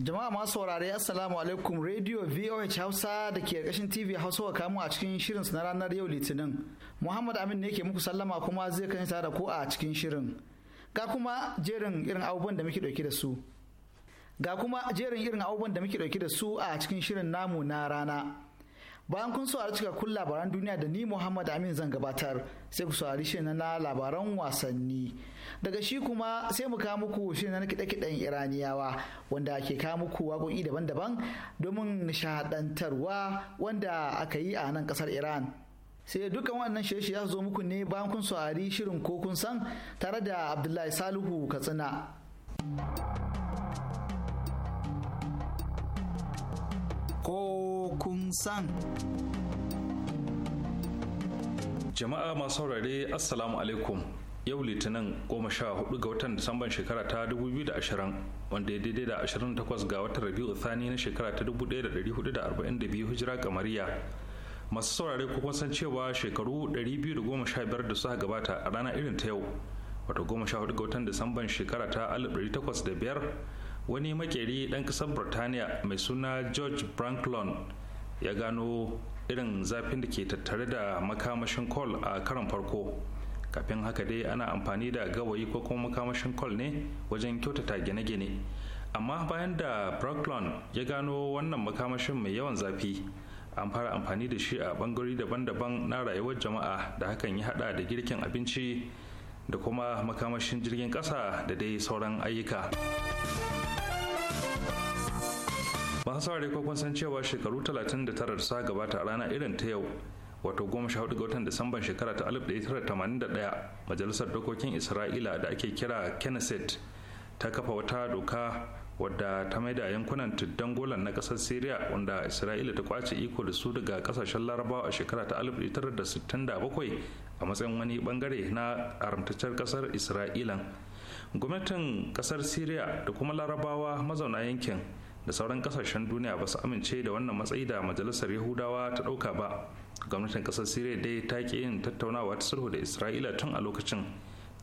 Jama'a masu saurare Assalamu alaikum Radio VOH Hausa da ke ƙarƙashin TV Hausa wa kamu a cikin shirin na ranar yau Litinin. Muhammad Amin ne ke muku sallama kuma zai kan da ku a cikin shirin. Ga kuma jerin irin abubuwan da muke ɗauki da su. Ga kuma jerin irin abubuwan da muke ɗauke da su a cikin shirin namu na rana. bayan kun saurari cikakkun labaran duniya da ni Muhammad Amin zan gabatar sai ku saurari shirin na labaran wasanni daga shi kuma sai mu kawo muku shirin na kiɗe-kiɗen Iraniyawa wanda ke kawo muku waƙoƙi daban-daban domin nishadantarwa wanda aka yi a nan kasar Iran sai dukkan wannan shirye ya zo muku ne bayan kun saurari shirin ko kun san tare da Abdullahi Salihu Katsina. ko kun san. Jama'a masu saurare Assalamu alaikum yau litinin goma sha hudu ga watan disamban shekara ta 2020 wanda ya daidai da 28 ga watan rabiu thani na shekara ta 1442 hijira kamariya masu saurare kuma san cewa shekaru 215 da suka gabata a rana irin ta yau wato hudu ga watan disamban shekara ta 1805 wani makeri ɗan ƙasar burtaniya mai suna george branklon ya gano irin zafin da ke tattare da makamashin kol a karon farko kafin haka dai ana amfani da gawayi ko kuma makamashin kol ne wajen kyautata gine-gine amma bayan da branklon ya gano wannan makamashin mai yawan zafi an fara amfani da shi a bangarori daban-daban na rayuwar jama'a da hakan ya hada da girkin abinci da kuma makamashin jirgin ƙasa da dai sauran ayyuka. masu saurare ko kun san cewa shekaru 39 da sa gabata a rana irin ta yau wato 14 ga watan disamban shekara ta 1981 majalisar dokokin isra'ila da ake kira knesset ta kafa wata doka wadda ta maida yankunan tuddan golan na kasar syria wanda isra'ila ta kwace iko da su daga kasashen larabawa a shekara ta 1967 a matsayin wani bangare na haramtaccen kasar isra'ilan gwamnatin kasar syria da kuma larabawa mazauna yankin da sauran kasashen duniya ba su amince da wannan matsayi da majalisar yahudawa ta ɗauka ba gwamnatin kasar siriya dai ta ki yin tattaunawa ta sulhu da isra'ila tun a lokacin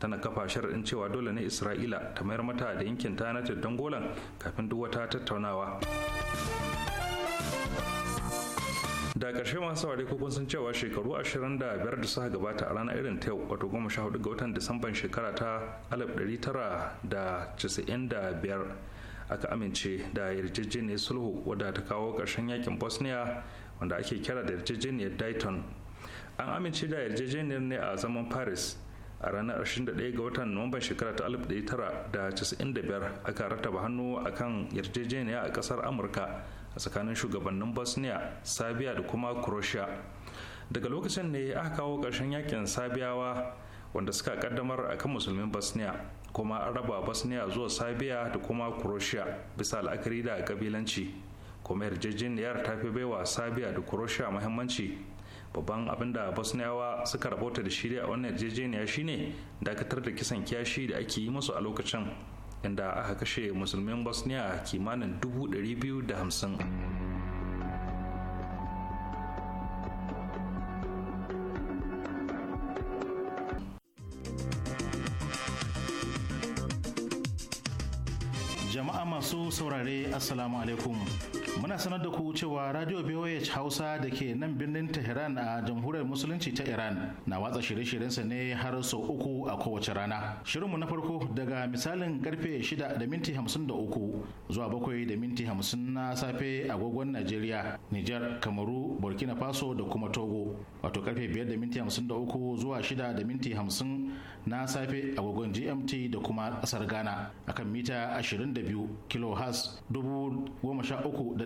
tana kafa sharaɗin cewa dole ne isra'ila ta mayar mata da yankin ta na golan kafin duk wata tattaunawa da karshe masu saurari ko kun san cewa shekaru 25 da suka gabata a ranar irin ta yau wato 14 ga watan disamban shekara ta 1995 aka amince da yarjejeniyar sulhu wadda ta kawo ƙarshen yakin bosnia wanda ake kira da yarjejeniyar dayton an amince da yarjejeniyar ne a zaman paris a ranar 21 ga watan nuwamban shekara ta 1995 aka rataba hannu a kan yarjejeniya a ƙasar amurka a tsakanin shugabannin bosnia sabiya da kuma croatia daga lokacin ne aka kawo ƙarshen yakin sabiyawa wanda suka kaddamar kan musulmin bosnia kuma an raba bosnia zuwa sabiya da kuma croatia bisa la'akari da kabilanci kuma yarjejeniyar ta fi baiwa sabiya da croatia muhimmanci babban abin da bosniyawa suka rabota da shirya a wannan yarjejeniya shine dakatar da kisan kiyashi da ake yi musu a lokacin inda aka kashe musulmin bosniya kimanin dubu ɗari saurare assalamu alaikum Muna sanar da ku cewa Radio BOH Hausa da ke nan birnin Tehran a Jamhuriyar Musulunci ta Iran na watsa shirye-shiryensa ne har sau uku a kowace rana. Shirinmu na farko daga misalin karfe 6 da minti 53 zuwa 7 da minti 50 na safe agogon Najeriya, Nijar, Kamaru, Burkina Faso da kuma Togo. Wato karfe 5 da minti 53 zuwa 6 da minti 50 na safe agogon GMT da kuma kasar Ghana akan mita 22 uku 13000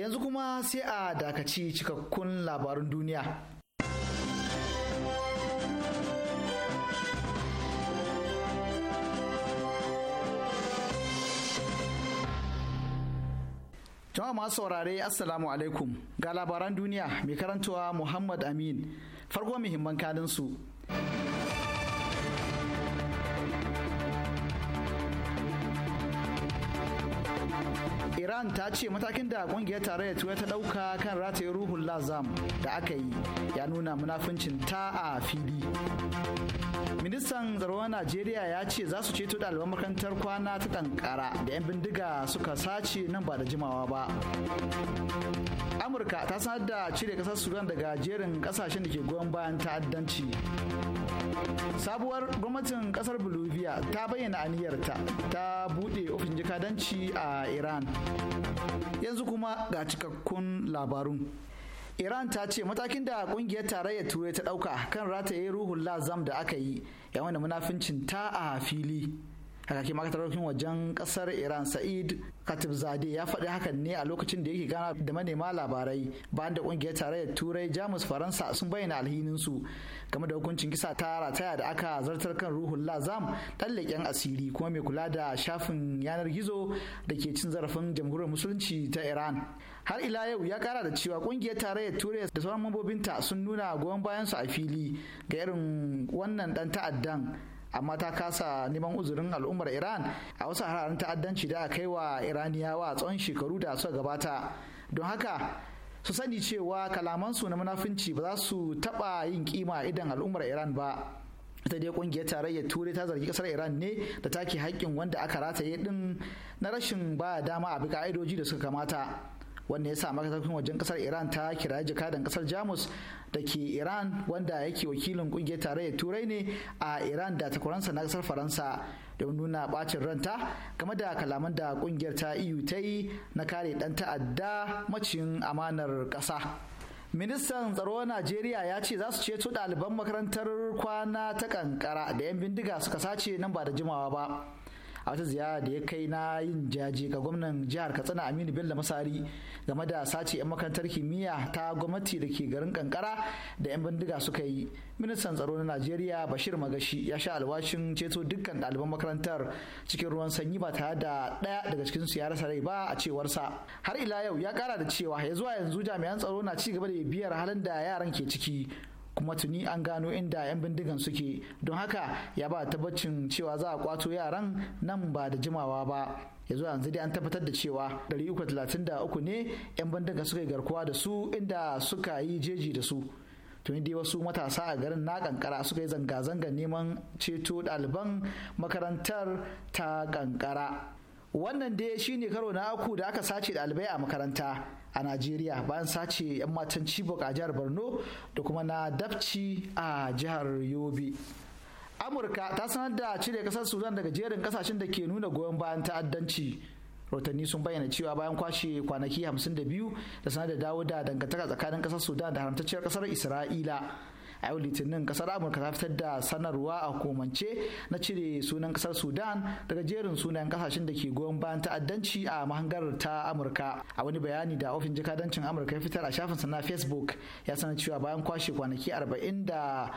yanzu kuma sai a dakaci cikakkun labarun duniya jama'a masu saurare assalamu alaikum ga labaran duniya mai karantowa muhammad amin farko muhimman kalinsu. iran ta ce matakin da kungiyar tarayyar turai ta dauka kan rataye ruhun lazam da aka yi ya nuna munafuncin ta a fili ministan tsaron najeriya ya ce za su ceto ɗaliban makarantar kwana ta kankara da 'yan bindiga suka sace nan ba da jimawa ba amurka ta sanar da cire kasar sudan daga jerin kasashen da ke goyon bayan ta'addanci sabuwar gwamnatin kasar bolivia ta bayyana aniyarta ta bude ofishin jikadanci a iran yanzu kuma ga cikakkun labarun iran ta ce matakin da kungiyar tarayyar turai ta ɗauka kan rataye ruhun lazam da aka yi ya wani munafincin ta a fili kakakin ma'aikatarokin wajen kasar iran sa'id zade ya faɗi hakan ne a lokacin da yake gana da manema labarai bayan da kungiyar tarayyar turai jamus faransa sun bayyana su game da hukuncin kisa ta rataya da aka zartar kan ruhun lazam dan leƙen asiri kuma mai kula da shafin yanar gizo da ke cin zarafin jamhuriyar musulunci ta iran har ila yau ya kara da cewa kungiyar tarayyar turai da sauran mambobinta sun nuna goyon su a fili ga irin wannan dan ta'addan amma ta kasa neman uzurin al'ummar iran a wasu hararen ta'addanci da aka kai wa iraniyawa tsawon shekaru da suka gabata don haka su sani cewa kalamansu na munafunci ba za su taɓa yin kima idan al'ummar iran ba ita dai kungiyar tarayyar turai ta zargi kasar iran ne da take haƙƙin wanda aka rataye din na rashin ba dama a bi ka'idoji da suka kamata wanda ya sa makasakin wajen kasar iran ta kira jakadan kasar jamus da ke iran wanda yake wakilin kungiyar tarayyar turai ne a iran da takwaransa na kasar faransa don nuna bacin ranta game da kalaman da kungiyar ta iyu e ta yi na kare dan ta'adda macin amanar kasa ministan tsaro najeriya ya ce za su ceto ɗaliban makarantar kwana ta kankara da 'yan bindiga suka sace nan ba da jimawa ba a wata ziyara da ya kai na yin jaje ga gwamnan jihar katsina aminu bello masari game da sace 'yan makarantar kimiyya ta gwamnati da ke garin kankara da 'yan bindiga suka yi ministan tsaro na najeriya bashir magashi ya sha alwashin ceto dukkan ɗaliban makarantar cikin ruwan sanyi ba tare da ɗaya daga cikin su ya rasa rai ba a cewarsa har ila yau ya kara da cewa ya zuwa yanzu jami'an tsaro na ci gaba da biyar halin da yaran ke ciki kuma tuni an gano inda 'yan bindigan suke don haka ya ba tabbacin cewa za a kwato yaran nan ba da jimawa ba ya zuwa yanzu dai an tabbatar da cewa 333 ne 'yan bindigan suka yi garkuwa da su inda suka yi jeji da su tuni dai wasu matasa a garin na kankara suka yi zanga-zangar neman ceto ɗaliban makarantar ta kankara wannan dai shine karo na aku da aka sace ɗalibai a makaranta a najeriya bayan sace 'yan matan chibok a jihar borno da kuma na dabci a jihar yobe amurka ta sanar da cire kasar sudan daga jerin kasashen da ke nuna goyon bayan ta'addanci rotanni sun bayyana cewa bayan kwashe kwanaki 52 da sanar da dawo da dangantaka tsakanin kasar sudan da haramtacciyar kasar isra'ila a yau litinin kasar amurka ta fitar da sanarwa a komance na cire sunan kasar sudan daga jerin sunayen kasashen da ke goyon bayan ta'addanci a mahangar ta amurka a wani bayani da ofin jikadancin amurka ya fitar a shafinsa na facebook ya sanar cewa bayan kwashe kwanaki arba'in da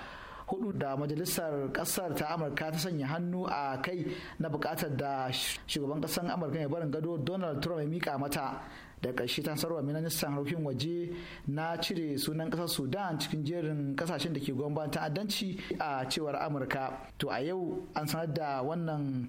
hudu da majalisar kasar ta amurka ta sanya hannu a kai na bukatar da shugaban kasar amurka mai barin gado donald trump ya mika mata da ƙarshe ta sarwa ministan harkokin waje na cire sunan ƙasar sudan cikin jerin ƙasashen da ke bayan ta'addanci a cewar amurka to a yau an sanar da wannan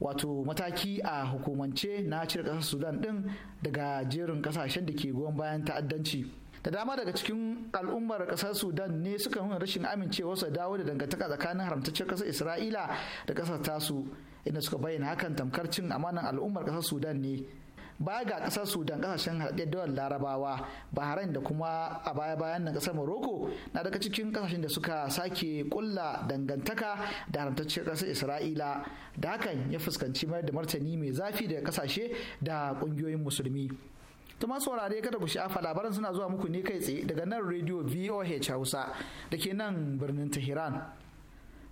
wato mataki a hukumance na cire ƙasar sudan din daga jerin ƙasashen da ke goyon bayan ta'addanci da dama daga cikin al'ummar kasar sudan ne suka nuna rashin amincewa su dawo da dangantaka tsakanin haramtaccen kasar isra'ila da kasar tasu inda suka bayyana hakan tamkar cin amanan al'ummar kasar sudan ne baya ga kasar sudan kasashen hadaddiyar dawar larabawa bahrain da kuma a baya bayan nan kasar morocco na daga cikin kasashen da suka sake kulla dangantaka da haramtacciyar kasar isra'ila da hakan ya fuskanci mayar da martani mai zafi daga kasashe da ƙungiyoyin musulmi Ta masu wurare kada ku sha'afa labaran suna zuwa muku ne kai tsaye daga nan rediyo voh hausa da ke nan birnin tehran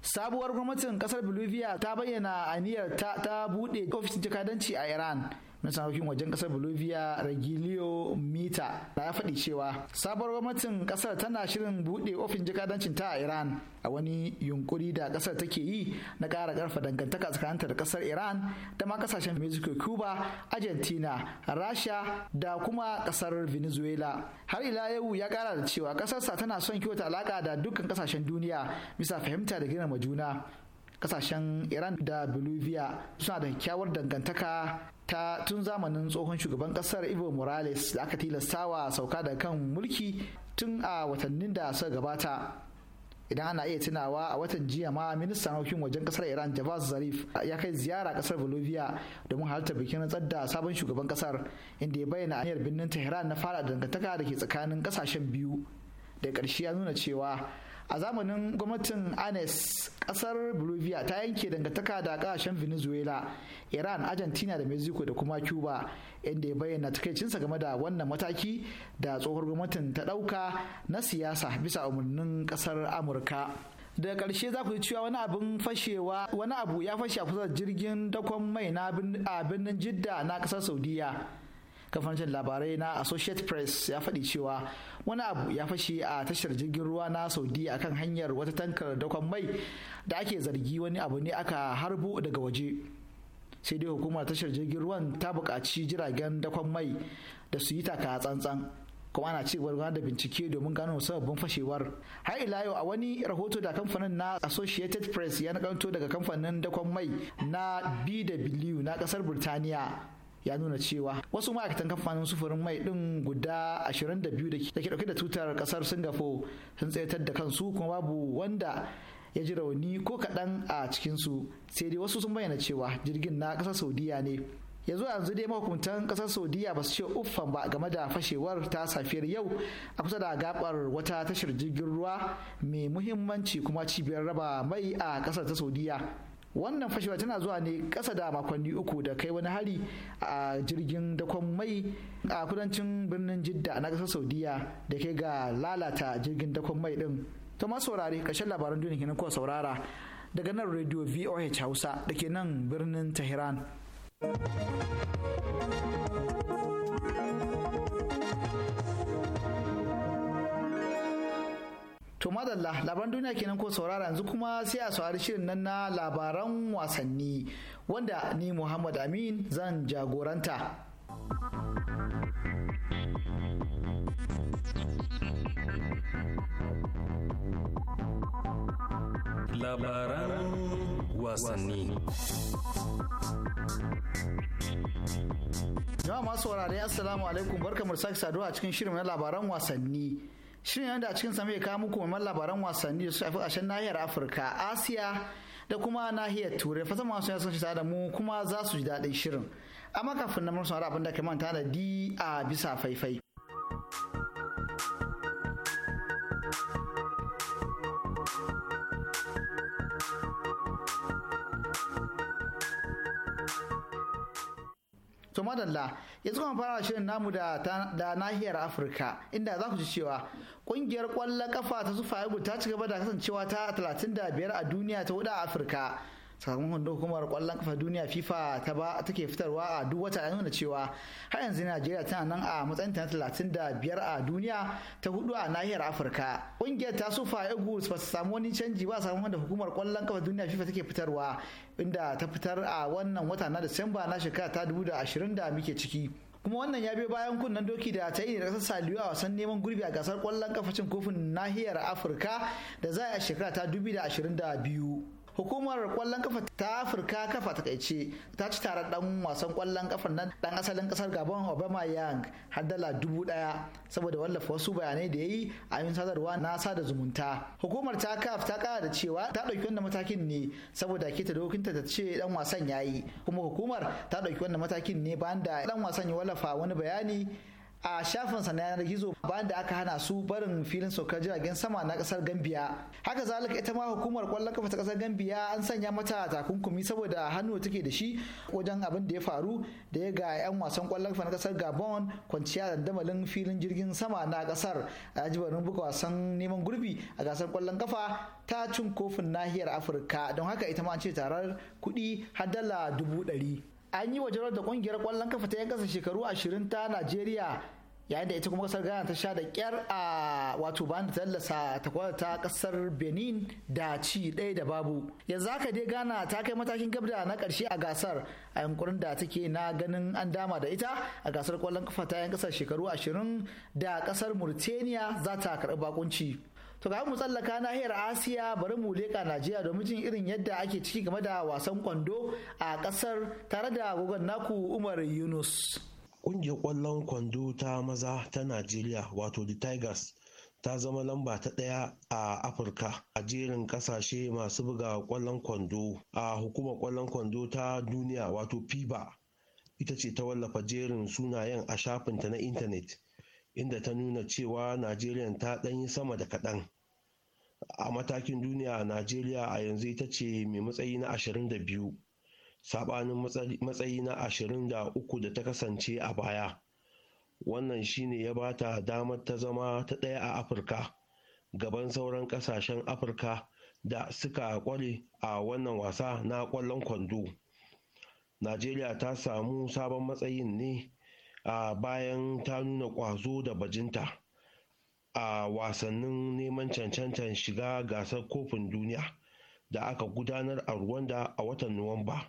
sabuwar gwamnatin kasar bolivia ta bayyana aniyar ta, ta bude ofishin jakadanci a iran na sanarwakin wajen kasar bolivia regilio mita da ya faɗi cewa sabuwar gwamnatin kasar tana shirin buɗe ofin jikadancin ta a iran a wani yunkuri da kasar take yi na ƙara ƙarfa dangantaka tsakaninta da kasar iran da ma kasashen mexico cuba argentina rasha da kuma kasar venezuela har ila yau ya ƙara da cewa ƙasarsa tana son kyauta alaƙa da dukkan kasashen duniya bisa fahimta da girmama juna kasashen iran da bolivia suna da kyakkyawar dangantaka ta tun zamanin tsohon shugaban kasar ibo morales da aka tilastawa sauka da kan mulki tun a watannin da suka gabata idan ana iya tunawa a watan jiya ma ministan harkokin wajen kasar iran javaz zarif ya kai ziyara kasar bolivia domin halartar bikin rantsar da sabon shugaban kasar inda ya bayyana hanyar birnin tehran na fara dangantaka da ke tsakanin kasashen biyu da ƙarshe ya nuna cewa a zamanin gwamnatin anes kasar bolivia ta yanke dangantaka da kasashen venezuela iran argentina da mexico da kuma cuba inda ya bayyana takaicinsa game da wannan mataki da tsohon gwamnatin ta dauka na siyasa bisa umarnin kasar amurka daga karshe za ku ji cewa wani abin fashewa wani abu ya fashe a kusa jirgin dakon mai na birnin jidda na kasar saudiya kamfanin labarai na associate press ya faɗi cewa wani abu ya fashe a tashar jirgin ruwa na saudiya akan hanyar wata tankar dakon mai da ake zargi wani abu ne aka harbo daga waje sai dai hukumar tashar jirgin ruwan ta buƙaci jiragen dakon mai da su yi taka tsantsan kuma ana ci gaba da bincike domin gano sababbin fashewar har ila yau a wani rahoto da kamfanin na associated press ya nakanto daga kamfanin dakon mai na bw na kasar burtaniya ya nuna cewa wasu ma'aikatan kamfanin sufurin mai din guda 22 da ke dauke da tutar kasar singapore sun tsayatar da kansu kuma babu wanda ya ji rauni ko kaɗan a cikinsu sai dai wasu sun bayyana cewa jirgin na ƙasar saudiya ne yanzu yanzu dai mahukuntan ƙasar saudiya ba su ce uffan ba game da fashewar ta safiyar yau a kusa da gabar wata tashar jirgin ruwa mai muhimmanci kuma cibiyar raba mai a ƙasar ta saudiya wannan fashewa tana zuwa ne kasa da makonni uku da kai wani hari a jirgin dakon mai a kudancin birnin jidda na kasar saudiya da kai ga lalata jirgin dakon mai din to ma saurare labaran duniya kenan kuwa saurara daga nan radio voh hausa da ke nan birnin tehran To madalla labaran duniya kenan ko saurara yanzu kuma sai a saurari shirin nan na labaran wasanni wanda ni Muhammad Amin zan jagoranta. Labaran wasanni. Jama'a masu wurare, Assalamu alaikum barkamar sake saduwa a cikin shirin na labaran wasanni. shirin yadda a cikin same kawo muku mamman labaran wasanni da su shafi ƙarshen nahiyar afirka asiya da kuma nahiyar turai fasa masu yasa shi da mu kuma za su ji daɗin shirin amma kafin na wani abin da ka manta da di a bisa faifai to madalla yanzu kuma fara shirin namu da da nahiyar afirka inda za ku ji cewa kungiyar kwallon kafa ta sufa ta ci gaba da kasancewa ta 35 a duniya ta hudu a afirka sakamakon da hukumar kwallon kafa duniya fifa ta ba take fitarwa a duk wata nuna cewa har yanzu najeriya tana nan a matsayin ta talatin da biyar a duniya ta hudu a nahiyar afirka ƙungiyar ta sufa eagles ba su samu wani canji ba sakamakon da hukumar kwallon kafa duniya fifa take fitarwa inda ta fitar a wannan wata na disamba na shekara ta dubu da ashirin da muke ciki kuma wannan ya biyo bayan kunnen doki da ta yi da kasar saliyu a wasan neman gurbi a gasar kwallon kafacin kofin nahiyar afirka da za a shekara ta dubu da ashirin da biyu hukumar kwallon kafa ta afirka kafa ta takaice ta ci tare dan wasan kwallon kafar nan dan asalin kasar gabon obama yang har dala dubu daya saboda wallafa wasu bayanai da yayi a yin sadarwa na sada zumunta hukumar ta kaf ta kara da cewa ta dauki wannan matakin ne saboda ta dokin ta ce dan wasan yayi kuma hukumar ta dauki wannan matakin ne bayan da dan wasan ya wallafa wani bayani a shafinsa na yanar gizo bayan da aka hana su barin filin saukar jiragen sama na kasar gambia haka zalika ita ma hukumar kwallon kafa ta kasar gambia an sanya mata takunkumi saboda hannu take da shi wajen abin da ya faru da ya ga 'yan wasan kwallon kafa na kasar gabon kwanciya dandamalin filin jirgin sama na kasar a jibarin buga wasan neman gurbi a gasar kwallon kafa ta cin kofin nahiyar afirka don haka ita ma an ce tarar kuɗi har dala dubu ɗari an yi wa jarar da kungiyar kwallon kafa ta 'yan kasa shekaru 20 ta Najeriya yayin da ita kuma kasar Ghana ta sha da kyar a wato bayan da tallasa ta ta kasar Benin da ci ɗaya da babu yanzu haka dai Ghana ta kai matakin gabda na karshe a gasar a yankurin da take na ganin an dama da ita a gasar kwallon kafa ta 'yan kasa shekaru 20 da kasar Mauritania za ta karɓi bakunci. to ga mu tsallaka nahiyar asiya bari mu leka najeriya domin jin irin yadda ake ciki game da wasan kwando a kasar tare da gogon naku umar yunus ƙungiyar ƙwallon kwando ta maza ta najeriya wato the tigers ta zama lamba ta ɗaya a afirka a jerin ƙasashe masu buga ƙwallon kwando a hukumar ƙwallon kwando ta duniya wato fiba ita ce ta wallafa jerin sunayen a shafinta na intanet inda ta nuna cewa najeriya ta ɗanyi sama da kaɗan a matakin duniya najeriya a yanzu ita ce mai matsayi na 22 sabanin matsayi na 23 da ta kasance a baya wannan shine ya ba ta damar ta zama ta ɗaya a afirka gaban sauran ƙasashen afirka da suka kware a wannan wasa na ƙwallon kwando najeriya ta samu sabon matsayin ne uh, bayan ta nuna ƙwazo da bajinta a wasannin neman cancantar shiga gasar kofin duniya da aka gudanar a Rwanda a watan Nuwamba,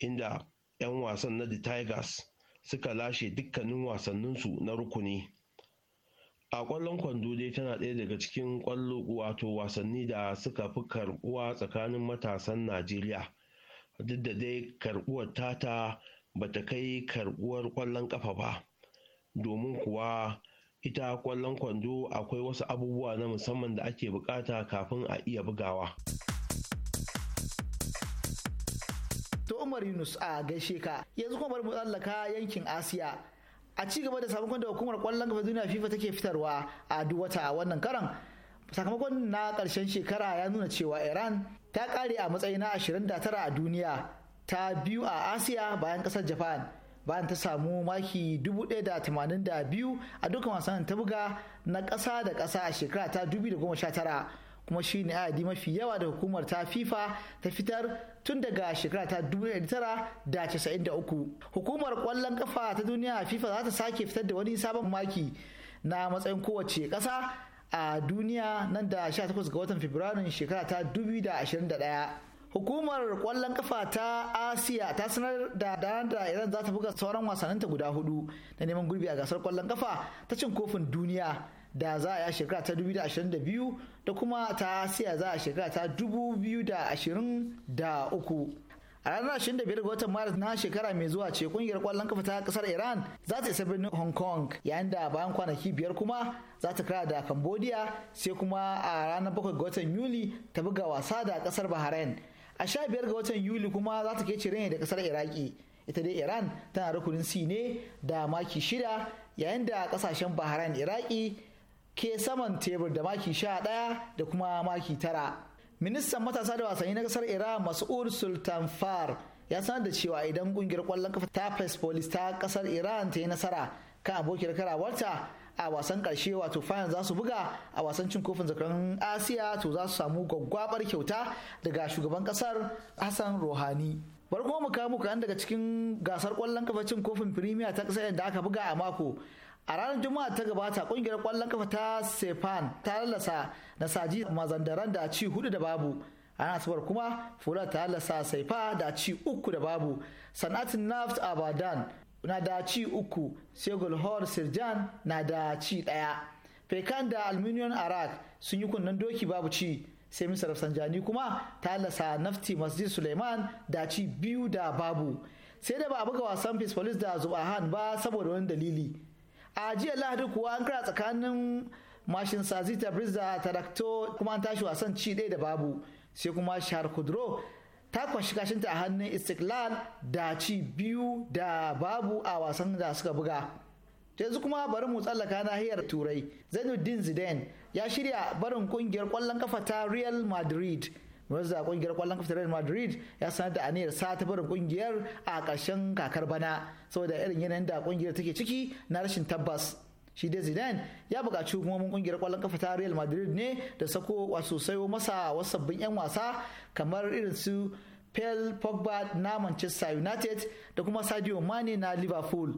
inda 'yan wasan na The Tigers suka lashe dukkanin wasanninsu na rukuni. A ƙwallon kwando dai tana ɗaya daga cikin ƙwallo wato wasanni da suka fi karɓuwa tsakanin matasan Najeriya, duk da dai karɓuwar tata ba ta kai karbuwar ƙwallon kafa ba domin kuwa ita ƙwallon kwando akwai wasu abubuwa na musamman da ake bukata kafin a iya bugawa. To Umar Yunus a gaishe ka yanzu kuma bari mu tsallaka yankin Asiya a ci gaba da sabon da hukumar ƙwallon ƙafa duniya FIFA take fitarwa a duk wata wannan karan sakamakon na karshen shekara ya nuna cewa Iran ta ƙare a matsayi na 29 a duniya ta biyu a asiya bayan kasar japan bayan ta samu maki 1,082 a dukkan wasan ta buga na kasa da kasa a shekara ta 2019 kuma shi ne adadi mafi yawa da hukumar ta fifa ta fitar tun daga shekara ta 1993 hukumar kwallon kafa ta duniya fifa za ta sake fitar da wani sabon maki na matsayin kowace ƙasa a duniya nan da 18 ga watan fabrairun shekara ta 2021 hukumar kwallon kafa ta asiya ta sanar da da iran za ta buga sauran wasanninta guda hudu na neman gurbi a gasar kwallon kafa ta cin kofin duniya da za a yi shekara ta 2022 da kuma ta asiya za a shekara ta 2023 a ranar 25 ga watan maris na shekara mai zuwa ce kungiyar kwallon kafa ta kasar iran za ta isa birnin hong kong yayin da bayan kwanaki biyar kuma za ta kara da cambodia sai kuma a ranar 7 ga watan yuli ta buga wasa da kasar bahrain a sha biyar ga watan yuli kuma za ta ke cire ne da kasar iraki ita dai iran tana rukunin si ne da maki shida yayin da kasashen bahrain iraki ke saman tebur da maki sha ɗaya da kuma maki tara ministan matasa da wasanni na kasar iran mas'ud sultan far ya sanar da cewa idan kungiyar kwallon kafa ta police ta kasar iran ta yi nasara kan abokiyar karawarta a wasan karshe wato final za su buga a wasan cin kofin zakaran asiya to za su samu gwaggwabar kyauta daga shugaban kasar hassan rohani bar kuma mu kawo kan daga cikin gasar kwallon kafa cin kofin firimiya ta kasar da aka buga a mako a ranar juma'a ta gabata kungiyar kwallon kafa ta sefan ta lalasa na saji mazandaran da ci hudu da babu a asabar kuma fula ta lalasa saifa da ci uku da babu sanatin naft abadan na da ci uku sai hall sirjan na da ci daya. fekan da aluminium arak sun yi kunnen doki babu ci sai misar sanjani kuma ta lasa nafti masjid suleiman da ci biyu da babu sai da ba a buga wasan police da zubahan ba saboda wani dalili a jiya lahadi kuwa an kira tsakanin mashin sazita brisa tarakto kuma an tashi wasan ci ɗaya da babu sai kuma shahar kudro ta kwashi kashinta a hannun istiklal da ci biyu da babu a wasan da suka buga yanzu kuma bari mu tsallaka nahiyar turai zainuddin zidane ya shirya barin kungiyar kwallon kafa ta real madrid mazda kungiyar kwallon kafa ta real madrid ya sanar da aniyar sa ta barin kungiyar a ƙarshen kakar bana saboda irin yanayin da kungiyar take ciki na rashin tabbas shi dai zidane ya buƙaci hukumomin ƙungiyar ƙwallon kafa ta real madrid ne da sako wato sayo masa wasu sabbin 'yan wasa kamar irin su pel pogba na manchester united da kuma sadio mane na liverpool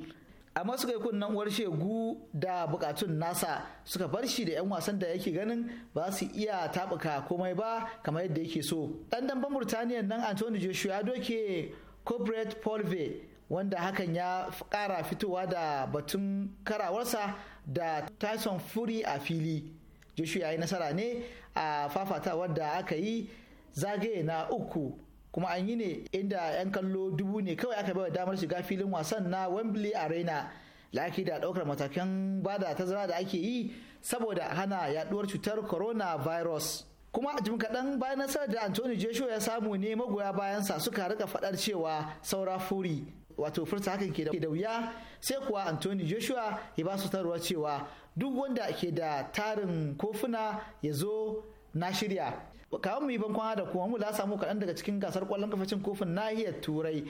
amma suka yi kunnen uwar shegu da bukatun nasa suka bar shi da 'yan wasan da yake ganin ba su iya tabuka komai ba kamar yadda yake so ɗan damben burtaniya nan anthony joshua doke corporate polve wanda hakan ya kara fitowa da batun karawarsa da tyson fury a fili joshua ya yi nasara ne a fafatawar da aka yi zagaye na uku kuma an yi ne inda 'yan kallo dubu ne kawai aka baiwa damar shiga filin wasan na wembley arena laki da daukar matakan bada tazara da ake yi saboda hana yaduwar cutar coronavirus kuma jim kaɗan bayan nasarar da anthony joshua ya samu ne magoya bayansa suka rika faɗar cewa saura furi wato furta hakan ke da wuya sai kuwa anthony joshua ya ba su tarwa cewa duk wanda ke da tarin kofuna ya zo na shirya kawai mu yi bankwana da kuma mu la samu kaɗan daga cikin gasar kwallon kafacin kofin nahiyar turai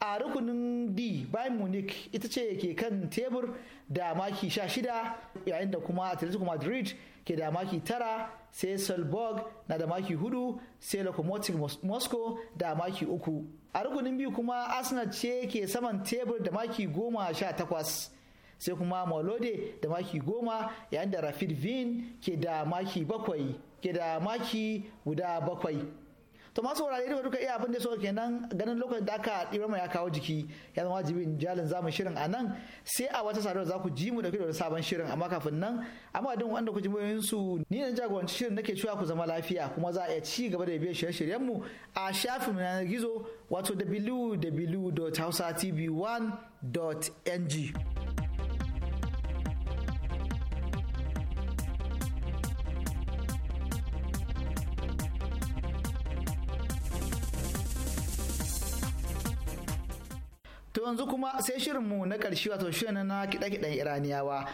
a rukunin d bayan munich ita ce ke kan tebur da maki 16 yayin da kuma atletico madrid ke da maki 9 sai salzburg na da maki 4 sai locomotive moscow da maki 3 a rukunin biyu kuma arsenal ce ke saman tebur da maki goma sha takwas sai kuma molode da maki goma yayin da rafid vin ke da maki bakwai ke da maki guda bakwai to masu wurare irin duka iya abin da so kenan ganin lokacin da aka ɗibar mai ya kawo jiki ya zama wajibin jalin zamu shirin a nan sai a wata sadarwa za ku ji mu da dauke da sabon shirin amma kafin nan amma don wanda ku ji mu su ni na jagoranci shirin nake cewa ku zama lafiya kuma za a iya ci gaba da biyan shirye-shiryen mu a shafin yanar gizo wato www.hausatv1.ng To yanzu kuma sai shirinmu na ƙarshe wato shirin na kiɗe-kiɗen Iraniyawa.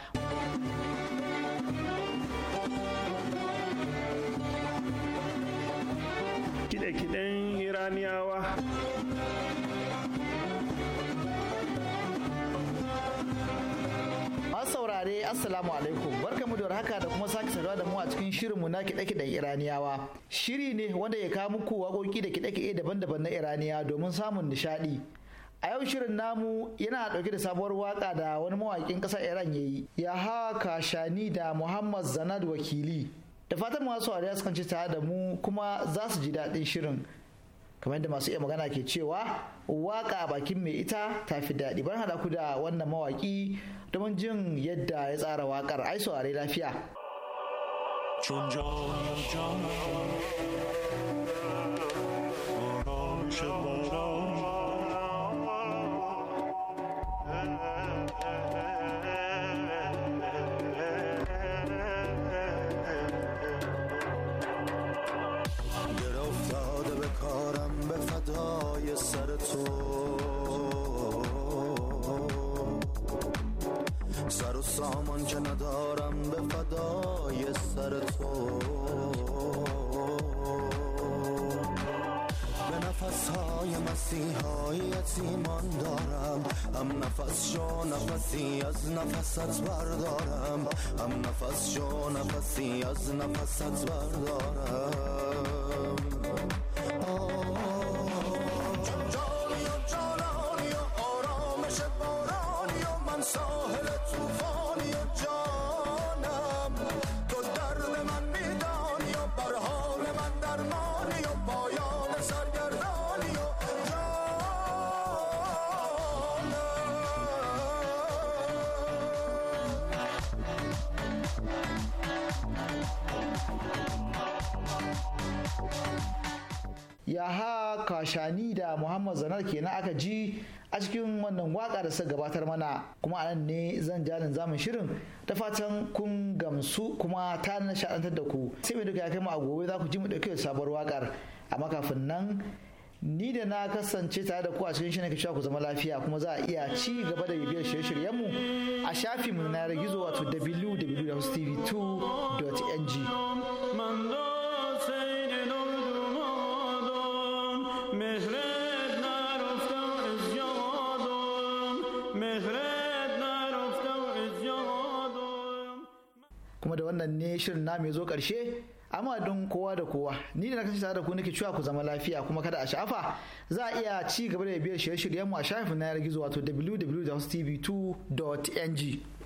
Kiɗe-kiɗen Iraniyawa. saurare assalamu alaikum barkamu da haka da kuma sake saduwa da mu a cikin shirinmu na kiɗe-kiɗen iraniyawa shiri ne wanda ya kawo muku waƙoƙi da kiɗe-kiɗe daban-daban na iraniya domin samun nishaɗi a yau shirin namu yana dauke da sabuwar waka da wani mawakin kasar iran ya yi ya haka shani da muhammad zanad wakili da fatan masu wariya sukan ci tare da mu kuma za su ji daɗin shirin kamar yadda masu iya magana ke cewa waka a bakin mai ita ta fi daɗi bar hada ku da wannan mawaƙi domin jin yadda ya tsara wakar ai saurare lafiya Chunjong, chunjong, chunjong, سامان که ندارم به فدای سر تو به نفس های ایمان دارم هم نفس شو نفسی از نفست بردارم هم نفس شو نفسی از نفست بردارم yaha kashani da muhammad zanar kenan aka ji a cikin wannan waka da suka gabatar mana kuma a nan ne zan jalin zamun shirin da fatan kun gamsu kuma ta nishaɗantar da ku sai mai duka ya kai mu a gobe za ku ji mu ɗauke da sabuwar wakar amma kafin nan ni da na kasance tare da ku a cikin shirin kishiya ku zama lafiya kuma za a iya ci gaba da bibiyar shirye mu a shafin mu na gizo wato www.tv2.ng kuma da wannan ne shirin na mai zo karshe amma don kowa da kowa ni da na kasance tare da ku nake cewa ku zama lafiya kuma kada a sha'afa za a iya ci gaba da biyar shirye-shiryen mu a shafin na yar gizo wato www.tv2.ng